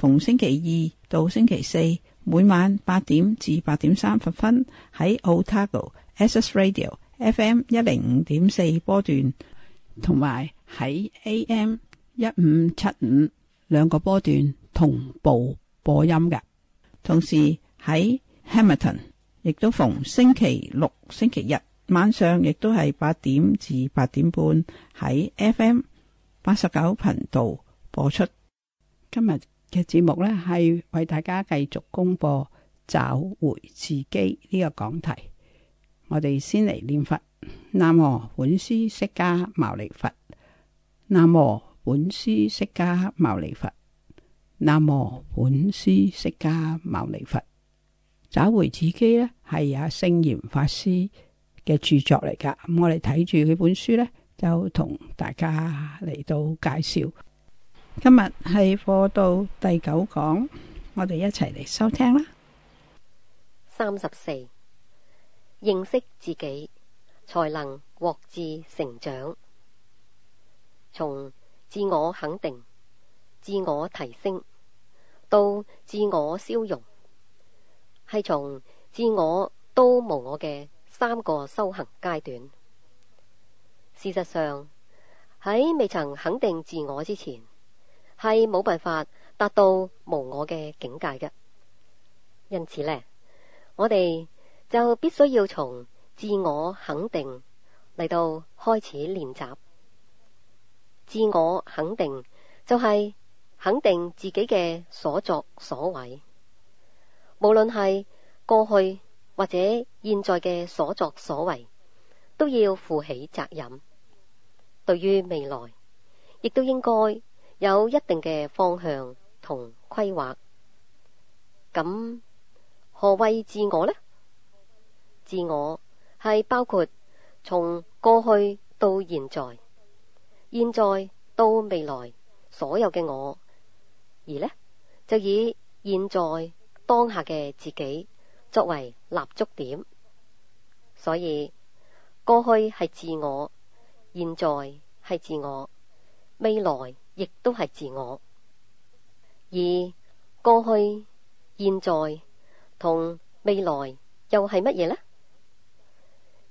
逢星期二到星期四，每晚八點至八點三十分喺 Otago SS Radio FM 一零五點四波段，同埋喺 AM 一五七五兩個波段同步播音嘅。同時喺 Hamilton，亦都逢星期六、星期日晚上，亦都係八點至八點半喺 FM 八十九頻道播出。今日嘅節目呢係為大家繼續公佈找回自己呢個講題。我哋先嚟念佛：南無本師釋迦牟尼佛。南無本師釋迦牟尼佛。南無本師釋迦牟尼佛。找回自己呢係阿聖嚴法師嘅著作嚟㗎。咁我哋睇住佢本書呢，就同大家嚟到介紹。今日係課到第九講，我哋一齊嚟收聽啦。三十四，認識自己才能獲致成長，從自我肯定、自我提升到自我消融，係從自我到無我嘅三個修行階段。事實上，喺未曾肯定自我之前。係冇辦法達到無我嘅境界嘅，因此呢，我哋就必須要從自我肯定嚟到開始練習。自我肯定就係肯定自己嘅所作所為，無論係過去或者現在嘅所作所為，都要負起責任。對於未來，亦都應該。有一定嘅方向同規劃，咁何謂自我呢？自我係包括從過去到現在、現在到未來所有嘅我，而呢就以現在當下嘅自己作為立足點，所以過去係自我，現在係自我，未來。亦都係自我，而過去、現在同未來又係乜嘢呢？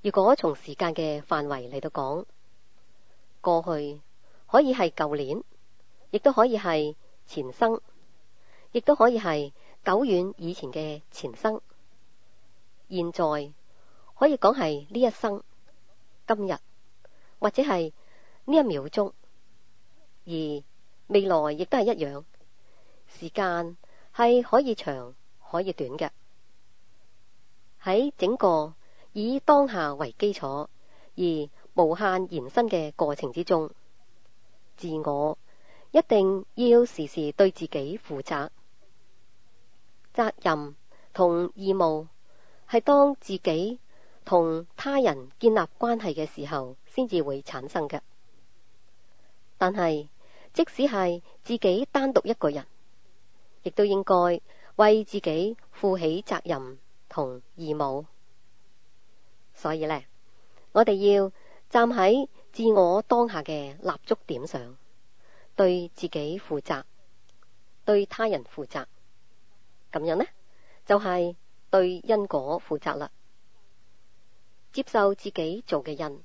如果從時間嘅範圍嚟到講，過去可以係舊年，亦都可以係前生，亦都可以係久遠以前嘅前生。現在可以講係呢一生、今日或者係呢一秒鐘。而未來亦都係一樣，時間係可以長可以短嘅。喺整個以當下為基礎而無限延伸嘅過程之中，自我一定要時時對自己負責。責任同義務係當自己同他人建立關係嘅時候先至會產生嘅，但係。即使係自己單獨一個人，亦都應該為自己負起責任同義務。所以呢，我哋要站喺自我當下嘅立足點上，對自己負責，對他人負責，咁樣呢，就係對因果負責啦。接受自己做嘅因，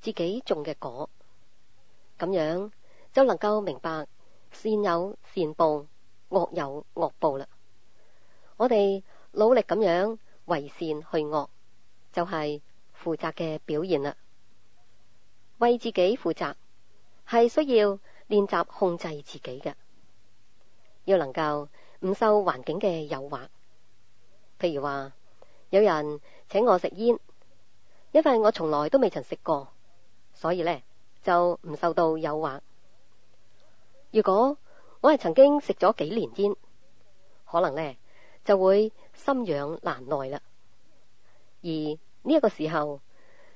自己種嘅果，咁樣。都能夠明白善有善報，惡有惡報啦。我哋努力咁樣為善去惡，就係、是、負責嘅表現啦。為自己負責係需要練習控制自己嘅，要能夠唔受環境嘅誘惑。譬如話有人請我食煙，因為我從來都未曾食過，所以呢，就唔受到誘惑。如果我係曾經食咗幾年煙，可能呢就會心癢難耐啦。而呢個時候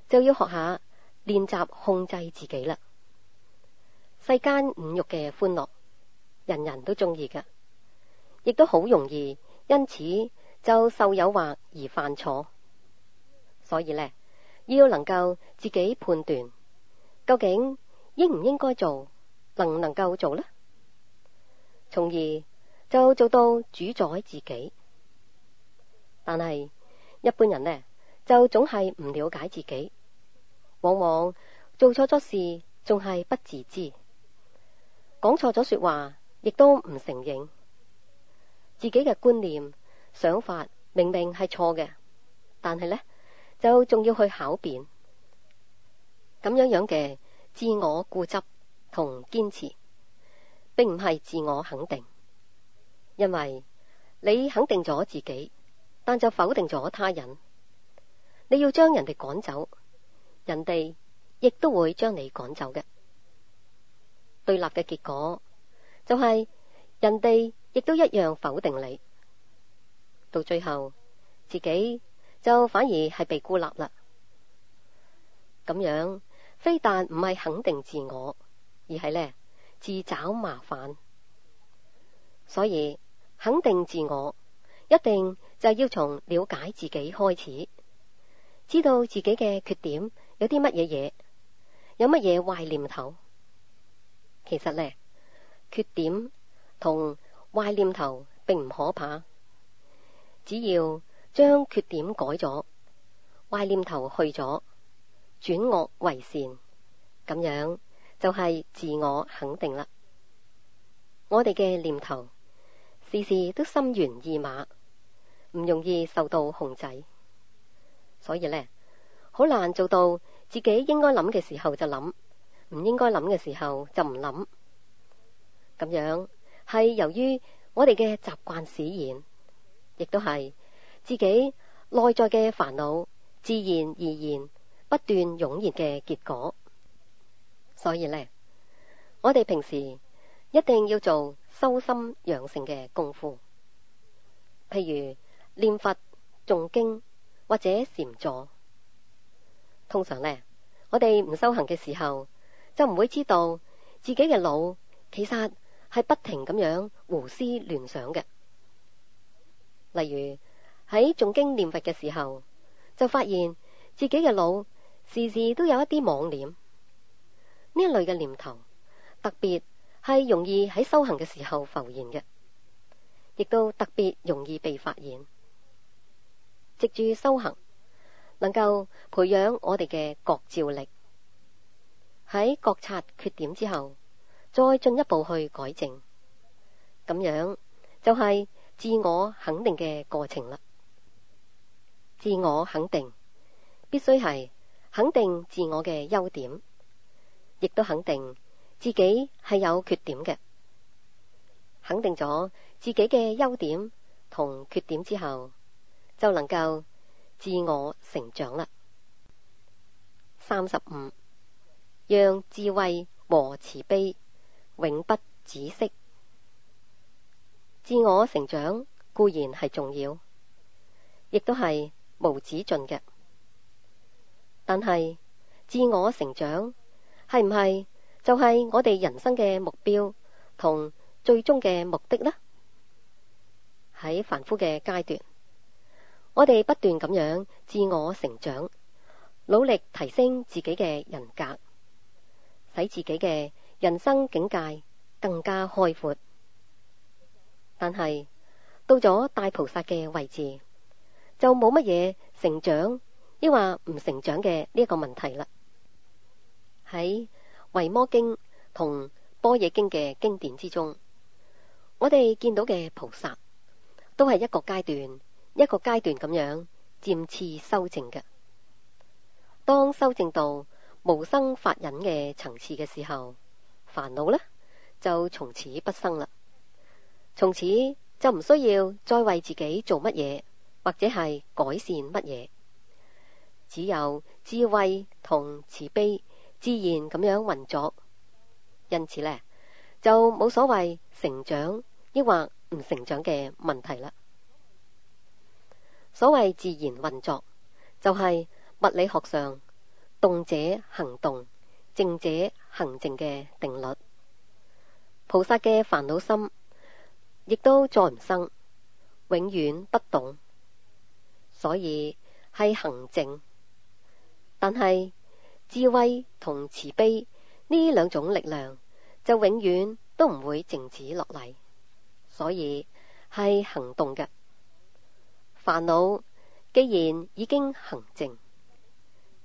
就要學下練習控制自己啦。世間五慾嘅歡樂，人人都中意噶，亦都好容易，因此就受誘惑而犯錯。所以呢，要能夠自己判斷究竟應唔應該做。能唔能夠做呢？從而就做到主宰自己。但係一般人呢，就總係唔了解自己，往往做錯咗事仲係不自知，講錯咗說話亦都唔承認。自己嘅觀念、想法明明係錯嘅，但係呢就仲要去考辨，咁樣樣嘅自我固執。同堅持，並唔係自我肯定，因為你肯定咗自己，但就否定咗他人。你要將人哋趕走，人哋亦都會將你趕走嘅。對立嘅結果就係人哋亦都一樣否定你，到最後自己就反而係被孤立啦。咁樣非但唔係肯定自我。而係呢，自找麻煩。所以肯定自我，一定就要從了解自己開始，知道自己嘅缺點有啲乜嘢嘢，有乜嘢壞念頭。其實呢，缺點同壞念頭並唔可怕，只要將缺點改咗，壞念頭去咗，轉惡為善，咁樣。就係自我肯定啦。我哋嘅念頭時時都心猿意馬，唔容易受到控制，所以呢，好難做到自己應該諗嘅時候就諗，唔應該諗嘅時候就唔諗。咁樣係由於我哋嘅習慣使然，亦都係自己內在嘅煩惱自然而然不斷湧現嘅結果。所以呢，我哋平時一定要做修心養性嘅功夫，譬如念佛、誦經或者禪坐。通常呢，我哋唔修行嘅時候，就唔會知道自己嘅腦其實係不停咁樣胡思亂想嘅。例如喺誦經念佛嘅時候，就發現自己嘅腦時時都有一啲妄念。呢一類嘅念頭，特別係容易喺修行嘅時候浮現嘅，亦都特別容易被發現。藉住修行，能夠培養我哋嘅覺照力，喺覺察缺點之後，再進一步去改正，咁樣就係自我肯定嘅過程啦。自我肯定必須係肯定自我嘅優點。亦都肯定自己係有缺點嘅，肯定咗自己嘅優點同缺點之後，就能夠自我成長啦。三十五，讓智慧和慈悲永不止息。自我成長固然係重要，亦都係無止盡嘅，但係自我成長。係唔係就係、是、我哋人生嘅目標同最終嘅目的呢？喺凡夫嘅階段，我哋不斷咁樣自我成長，努力提升自己嘅人格，使自己嘅人生境界更加開闊。但係到咗大菩薩嘅位置，就冇乜嘢成長，亦話唔成長嘅呢個問題啦。喺《維摩經》同《般若經》嘅經典之中，我哋見到嘅菩薩都係一個階段，一個階段咁樣漸次修證嘅。當修證到無生法忍嘅層次嘅時候，煩惱呢，就從此不生啦。從此就唔需要再為自己做乜嘢，或者係改善乜嘢，只有智慧同慈悲。自然咁樣運作，因此呢，就冇所謂成長抑或唔成長嘅問題啦。所謂自然運作，就係、是、物理學上動者行動，靜者行靜嘅定律。菩薩嘅煩惱心亦都再唔生，永遠不動。所以係行靜，但係。智慧同慈悲呢兩種力量，就永遠都唔會靜止落嚟，所以係行動嘅煩惱。煩惱既然已經行靜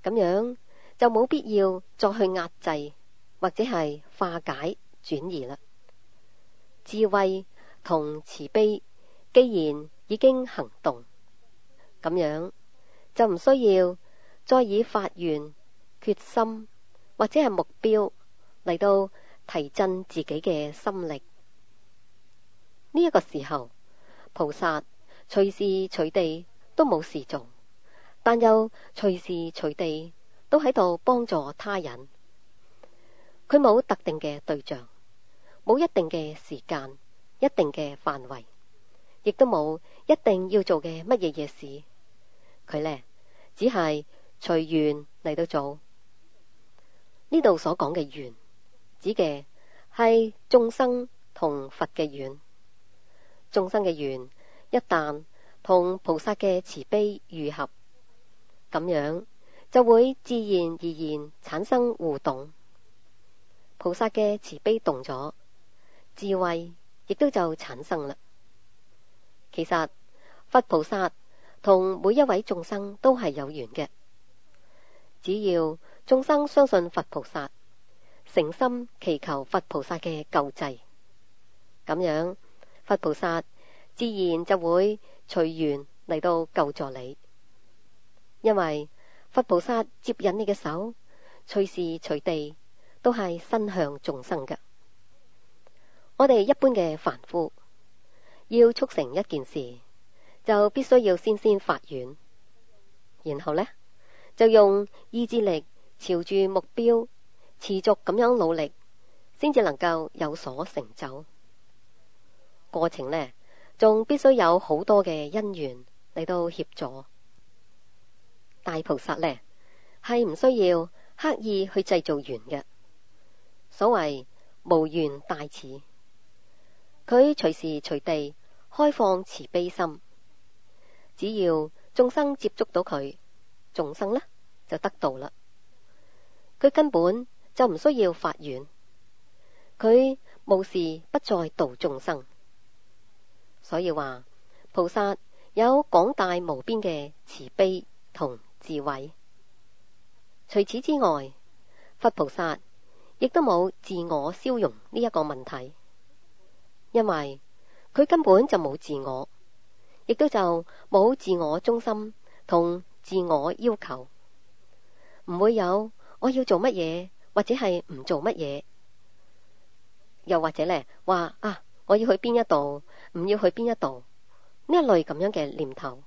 咁樣，就冇必要再去壓制或者係化解轉移啦。智慧同慈悲既然已經行動咁樣，就唔需要再以法願。決心或者係目標嚟到提振自己嘅心力。呢一個時候，菩薩隨時隨地都冇事做，但又隨時隨地都喺度幫助他人。佢冇特定嘅對象，冇一定嘅時間、一定嘅範圍，亦都冇一定要做嘅乜嘢嘢事。佢呢，只係隨緣嚟到做。呢度所講嘅緣，指嘅係眾生同佛嘅緣，眾生嘅緣一旦同菩薩嘅慈悲遇合，咁樣就會自然而然產生互動。菩薩嘅慈悲動咗，智慧亦都就產生啦。其實佛菩薩同每一位眾生都係有緣嘅，只要。眾生相信佛菩薩，誠心祈求佛菩薩嘅救濟，咁樣佛菩薩自然就會隨緣嚟到救助你。因為佛菩薩接引你嘅手，隨時隨地都係伸向眾生嘅。我哋一般嘅凡夫要促成一件事，就必須要先先發願，然後呢，就用意志力。朝住目標持續咁樣努力，先至能夠有所成就。過程呢，仲必須有好多嘅因緣嚟到協助。大菩薩呢，係唔需要刻意去製造緣嘅。所謂無緣大慈，佢隨時隨地開放慈悲心，只要眾生接觸到佢，眾生呢，就得到啦。佢根本就唔需要法院，佢無時不再度眾生，所以話菩薩有廣大無邊嘅慈悲同智慧。除此之外，佛菩薩亦都冇自我消融呢一個問題，因為佢根本就冇自我，亦都就冇自我中心同自我要求，唔會有。我要做乜嘢，或者係唔做乜嘢，又或者呢話啊，我要去邊一度，唔要去邊一度，呢一類咁樣嘅念頭，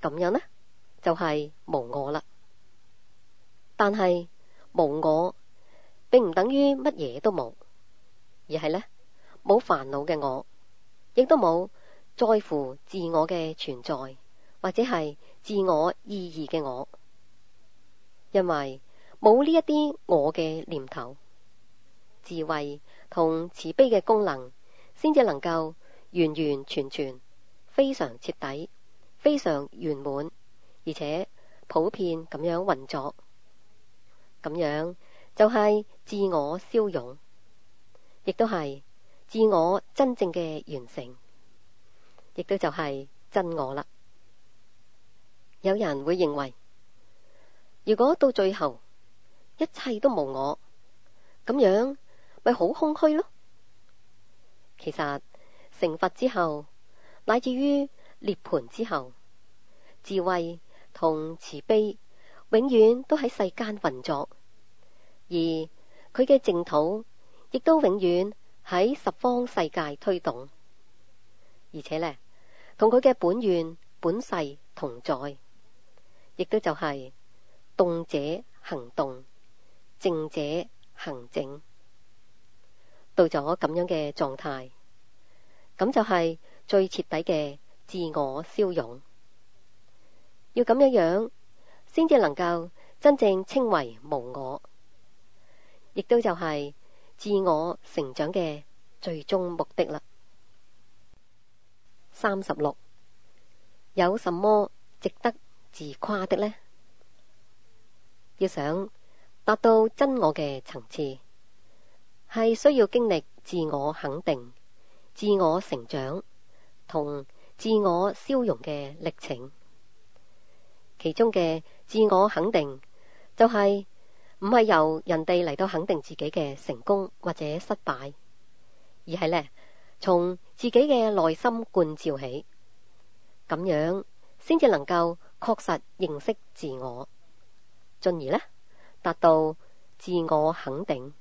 咁樣呢就係無我啦。但係無我，並唔等於乜嘢都無，而係呢，冇煩惱嘅我，亦都冇在乎自我嘅存在，或者係自我意義嘅我，因為。冇呢一啲我嘅念頭、智慧同慈悲嘅功能，先至能夠完完全全、非常徹底、非常圓滿，而且普遍咁樣運作。咁樣就係自我消融，亦都係自我真正嘅完成，亦都就係真我啦。有人會認為，如果到最後，一切都無我咁樣，咪好空虛咯。其實成佛之後，乃至於涅槃之後，智慧同慈悲永遠都喺世間運作，而佢嘅淨土亦都永遠喺十方世界推動，而且呢，同佢嘅本願本世同在，亦都就係動者行動。靜者行靜，到咗咁樣嘅狀態，咁就係最徹底嘅自我消融。要咁樣樣，先至能夠真正稱為無我，亦都就係自我成長嘅最終目的啦。三十六，有什麼值得自誇的呢？要想。達到真我嘅層次，係需要經歷自我肯定、自我成長同自我消融嘅歷程。其中嘅自我肯定就係唔係由人哋嚟到肯定自己嘅成功或者失敗，而係呢從自己嘅內心觀照起，咁樣先至能夠確實認識自我，進而呢。達到自我肯定，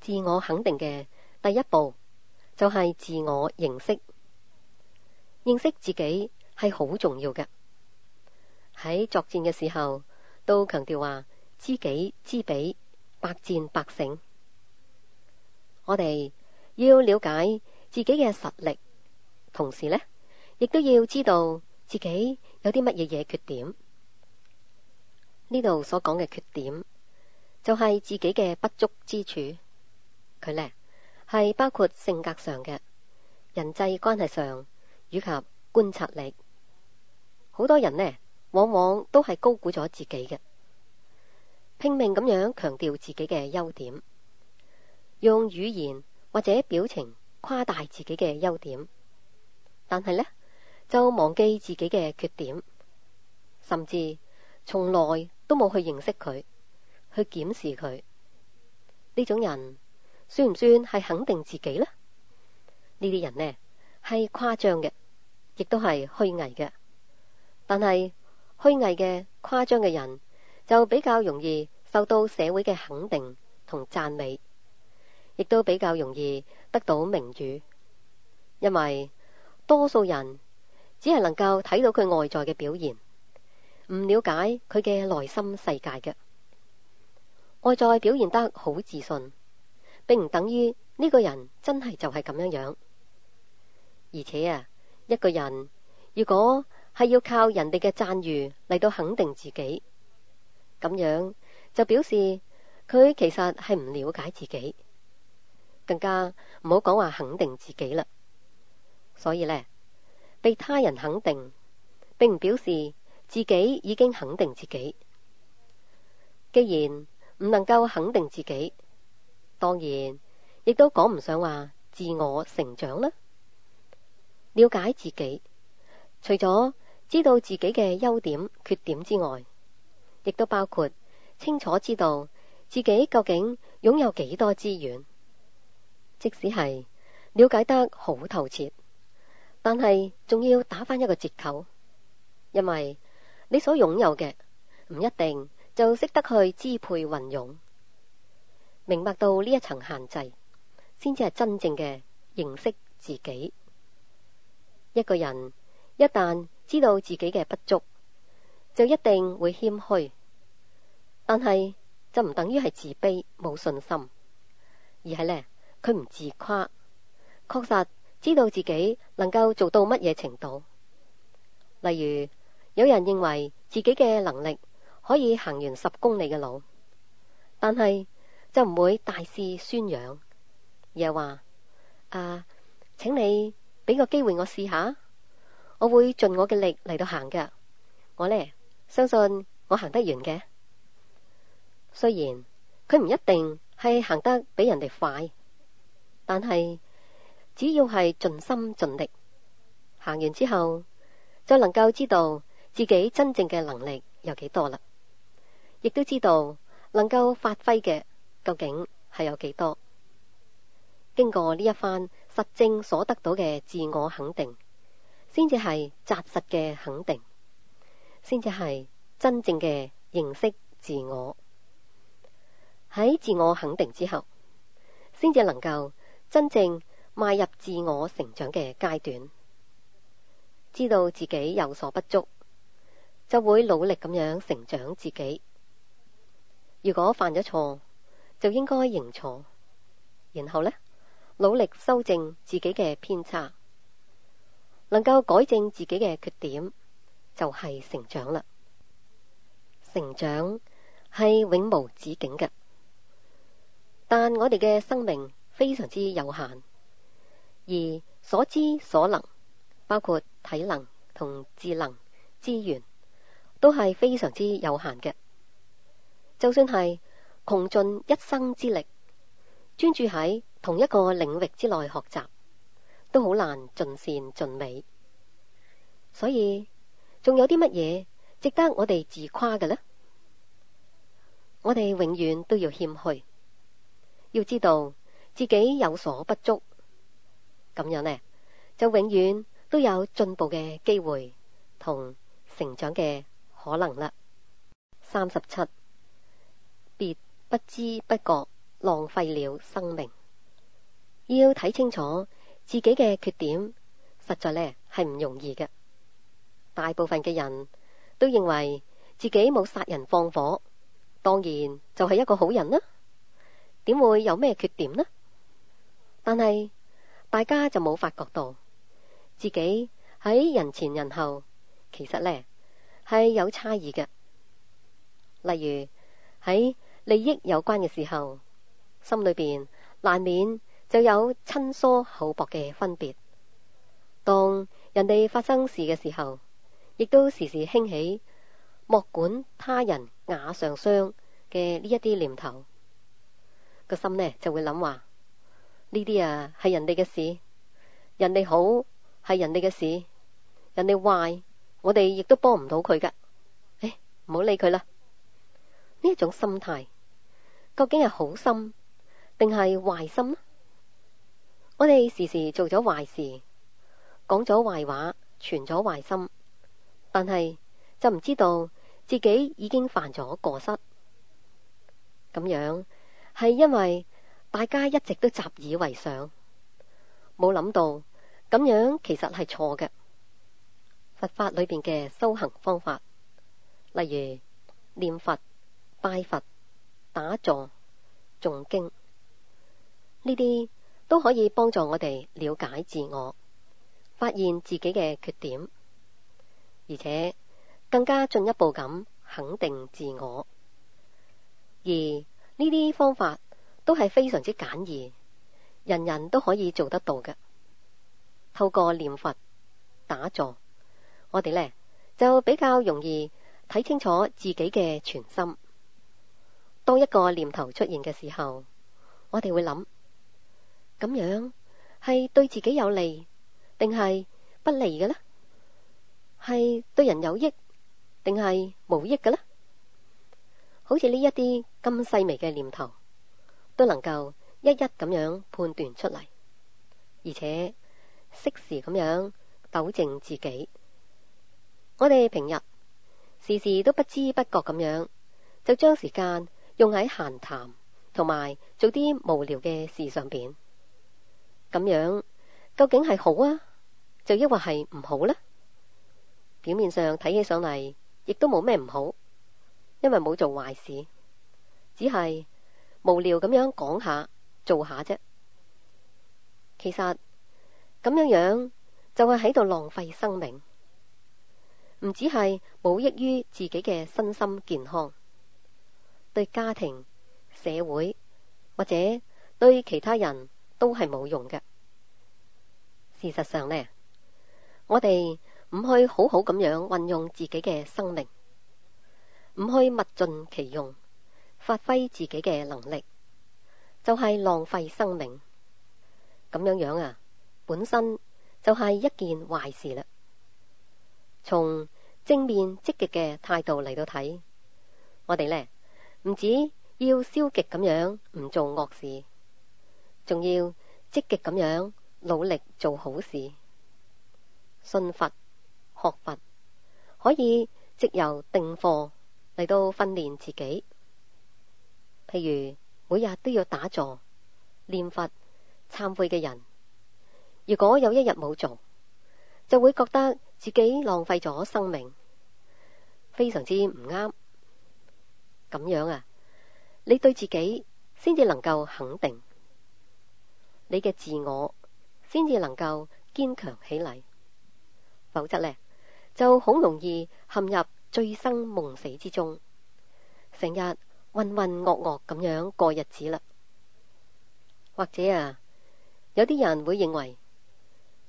自我肯定嘅第一步就係自我認識，認識自己係好重要嘅。喺作戰嘅時候，都強調話知己知彼，百戰百勝。我哋要了解自己嘅實力，同時呢，亦都要知道自己有啲乜嘢嘢缺點。呢度所講嘅缺點，就係自己嘅不足之處。佢呢係包括性格上嘅、人際關係上以及觀察力。好多人呢，往往都係高估咗自己嘅，拼命咁樣強調自己嘅優點，用語言或者表情誇大自己嘅優點，但係呢，就忘記自己嘅缺點，甚至從來。都冇去認識佢，去檢視佢。呢種人，算唔算係肯定自己呢？呢啲人呢，係誇張嘅，亦都係虛偽嘅。但係虛偽嘅、誇張嘅人，就比較容易受到社會嘅肯定同讚美，亦都比較容易得到名譽，因為多數人只係能夠睇到佢外在嘅表現。唔了解佢嘅內心世界嘅，外在表現得好自信，並唔等於呢個人真係就係咁樣樣。而且啊，一個人如果係要靠人哋嘅讚譽嚟到肯定自己，咁樣就表示佢其實係唔了解自己，更加唔好講話肯定自己啦。所以呢，被他人肯定，並唔表示。自己已經肯定自己，既然唔能夠肯定自己，當然亦都講唔上話自我成長啦。了解自己，除咗知道自己嘅優點、缺點之外，亦都包括清楚知道自己究竟擁有幾多資源。即使係了解得好透徹，但係仲要打返一個折扣，因為。你所擁有嘅唔一定就識得去支配運用，明白到呢一層限制，先至係真正嘅認識自己。一個人一旦知道自己嘅不足，就一定會謙虛，但係就唔等於係自卑、冇信心，而係呢，佢唔自誇，確實知道自己能夠做到乜嘢程度，例如。有人認為自己嘅能力可以行完十公里嘅路，但係就唔會大肆宣揚，又係話，啊，請你俾個機會我試下，我會盡我嘅力嚟到行嘅。我呢，相信我行得完嘅，雖然佢唔一定係行得比人哋快，但係只要係盡心盡力行完之後，就能夠知道。自己真正嘅能力有幾多啦？亦都知道能夠發揮嘅究竟係有幾多？經過呢一番實證所得到嘅自我肯定，先至係紮實嘅肯定，先至係真正嘅認識自我。喺自我肯定之後，先至能夠真正邁入自我成長嘅階段，知道自己有所不足。就會努力咁樣成長自己。如果犯咗錯，就應該認錯，然後呢，努力修正自己嘅偏差，能夠改正自己嘅缺點，就係成長啦。成長係永無止境嘅，但我哋嘅生命非常之有限，而所知所能包括體能同智能資源。都係非常之有限嘅。就算係窮盡一生之力，專注喺同一個領域之內學習，都好難盡善盡美。所以仲有啲乜嘢值得我哋自誇嘅呢？我哋永遠都要謙虛，要知道自己有所不足，咁樣呢，就永遠都有進步嘅機會同成長嘅。可能啦，三十七，別不知不覺浪費了生命。要睇清楚自己嘅缺點，實在呢係唔容易嘅。大部分嘅人都認為自己冇殺人放火，當然就係一個好人啦。點會有咩缺點呢？但係大家就冇發覺到自己喺人前人後，其實呢。係有差異嘅，例如喺利益有關嘅時候，心裏邊難免就有親疏厚薄嘅分別。當人哋發生事嘅時候，亦都時時興起莫管他人瓦上霜嘅呢一啲念頭，個心呢就會諗話：呢啲啊係人哋嘅事，人哋好係人哋嘅事，人哋壞。我哋亦都幫唔到佢噶，誒、哎，唔好理佢啦。呢一種心態，究竟係好心定係壞心？我哋時時做咗壞事，講咗壞話，存咗壞心，但係就唔知道自己已經犯咗過失。咁樣係因為大家一直都習以為常，冇諗到咁樣其實係錯嘅。佛法裏邊嘅修行方法，例如念佛、拜佛、打坐、誦經，呢啲都可以幫助我哋了解自我，發現自己嘅缺點，而且更加進一步咁肯定自我。而呢啲方法都係非常之簡易，人人都可以做得到嘅。透過念佛、打坐。我哋呢，就比較容易睇清楚自己嘅全心。當一個念頭出現嘅時候，我哋會諗咁樣係對自己有利定係不利嘅呢？係對人有益定係無益嘅呢？好似呢一啲咁細微嘅念頭，都能夠一一咁樣判斷出嚟，而且適時咁樣糾正自己。我哋平日時時都不知不覺咁樣，就將時間用喺閒談同埋做啲無聊嘅事上邊，咁樣究竟係好啊，就抑或係唔好呢？表面上睇起上嚟，亦都冇咩唔好，因為冇做壞事，只係無聊咁樣講下做下啫。其實咁樣樣就係喺度浪費生命。唔止係冇益於自己嘅身心健康，對家庭、社會或者對其他人都係冇用嘅。事實上呢，我哋唔去好好咁樣運用自己嘅生命，唔去物盡其用，發揮自己嘅能力，就係浪費生命。咁樣樣啊，本身就係一件壞事嘞。從正面積極嘅態度嚟到睇，我哋呢唔止要消極咁樣唔做惡事，仲要積極咁樣努力做好事。信佛、學佛可以藉由定課嚟到訓練自己，譬如每日都要打坐、念佛、懺悔嘅人，如果有一日冇做，就會覺得。自己浪費咗生命，非常之唔啱。咁樣啊，你對自己先至能夠肯定，你嘅自我先至能夠堅強起嚟。否則呢，就好容易陷入醉生夢死之中，成日渾渾噩噩咁樣過日子啦。或者啊，有啲人會認為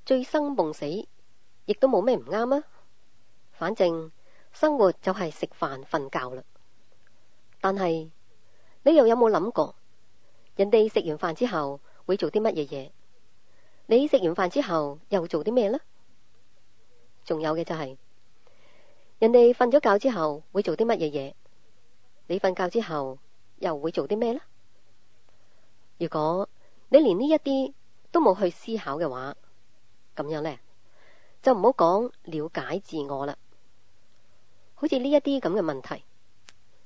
醉生夢死。亦都冇咩唔啱啊！反正生活就係食飯瞓覺啦。但係你又有冇諗過，人哋食完飯之後會做啲乜嘢嘢？你食完飯之後又做啲咩呢？仲有嘅就係，人哋瞓咗覺之後會做啲乜嘢嘢？你瞓覺之後又會做啲咩呢？如果你連呢一啲都冇去思考嘅話，咁樣呢。就唔好講了解自我啦。好似呢一啲咁嘅問題，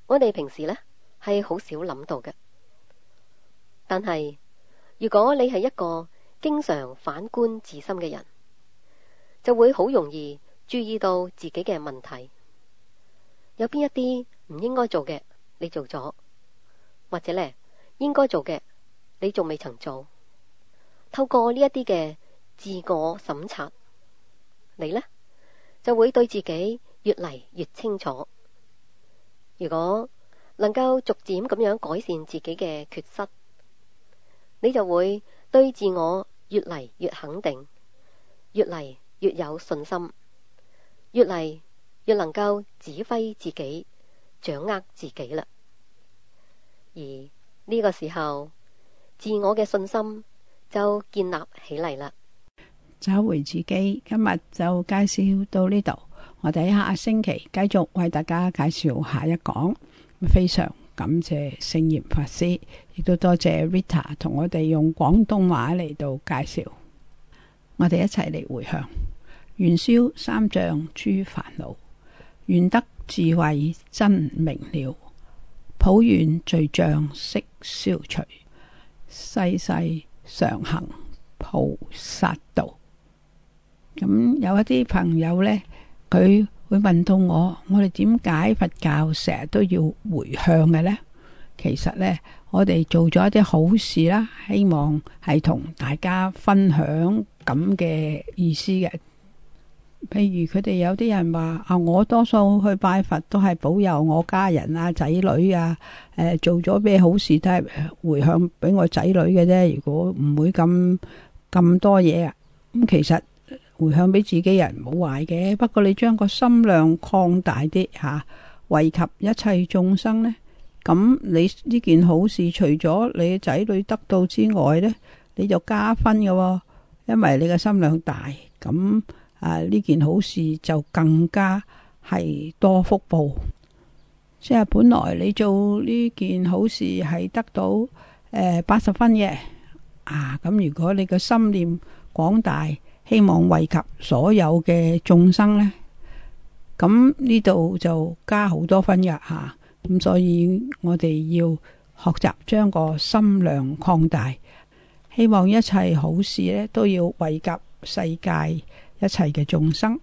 我哋平時呢係好少諗到嘅。但係如果你係一個經常反觀自身嘅人，就會好容易注意到自己嘅問題，有邊一啲唔應該做嘅你做咗，或者呢應該做嘅你仲未曾做。透過呢一啲嘅自我審查，你呢，就會對自己越嚟越清楚。如果能夠逐漸咁樣改善自己嘅缺失，你就會對自我越嚟越肯定，越嚟越有信心，越嚟越能夠指揮自己、掌握自己啦。而呢個時候，自我嘅信心就建立起嚟啦。找回自己，今日就介紹到呢度。我哋下星期繼續為大家介紹下一講。非常感謝聖賢法師，亦都多謝 Rita 同我哋用廣東話嚟到介紹。我哋一齊嚟回向願消三障諸煩惱，願得智慧真明了，普願罪障悉消除，世世常行菩薩。有一啲朋友呢，佢會問到我：「我哋點解佛教成日都要回向嘅呢？」其實呢，我哋做咗一啲好事啦，希望係同大家分享咁嘅意思嘅。譬如佢哋有啲人話：啊，我多數去拜佛都係保佑我家人啊、仔女啊，誒，做咗咩好事都係回向俾我仔女嘅啫。如果唔會咁咁多嘢啊，咁其實。回向俾自己人冇壞嘅，不過你將個心量擴大啲吓，惠及一切眾生呢。咁你呢件好事，除咗你仔女得到之外呢，你就加分嘅，因為你嘅心量大。咁啊，呢件好事就更加係多福報。即係本來你做呢件好事係得到誒八十分嘅啊，咁如果你嘅心念廣大。希望惠及所有嘅眾生呢。咁呢度就加好多分入吓，咁、啊、所以我哋要學習將個心量擴大，希望一切好事呢都要惠及世界一切嘅眾生。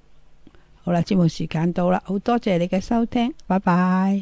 好啦，節目時間到啦，好多謝你嘅收聽，拜拜。